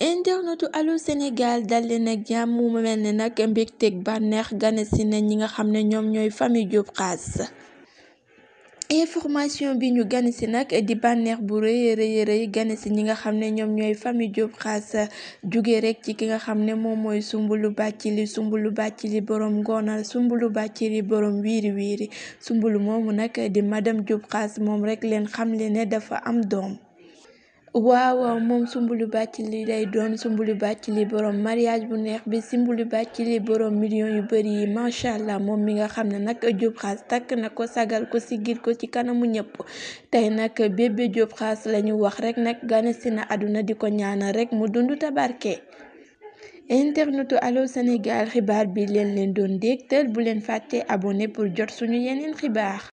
internetu Allô Sénégal dal nag jàmm mu mel ne nag mbégteeg bànneex gane si na ñi nga xam ne ñoom ñooy famille Diop Khass information bi ñu gane si nag di bànneex bu rëy rëy rëy si ñi nga xam ne ñoom ñooy famille Diop Khass jugee rek ci ki nga xam ne moom mooy sumbulu bàccili sumbulu bàccili borom ngoonal sumbulu bàccili borom wiiri wiiri sumbulu moomu nag di madame Diop Khass moom rek leen xam le ne dafa am doom. waawa waaw waaw moom Soumboulou Bathily day doon bàcc Bathily borom mariage bu neex bi Soumboulou Bathily boroom million yu bëri yi macha allah moom mi nga xam ne nag Diop Khass takk na ko sagal ko sigil ko ci kanamu ñëpp tey nag bébé Diop Khass la wax rek nag gane si na àdduna di ko ñaanal rek mu dund tabarke internetu Allô Sénégal xibaar bi leen leen doon dégtal bu leen fàtte abonné pour jot suñu yeneen xibaar.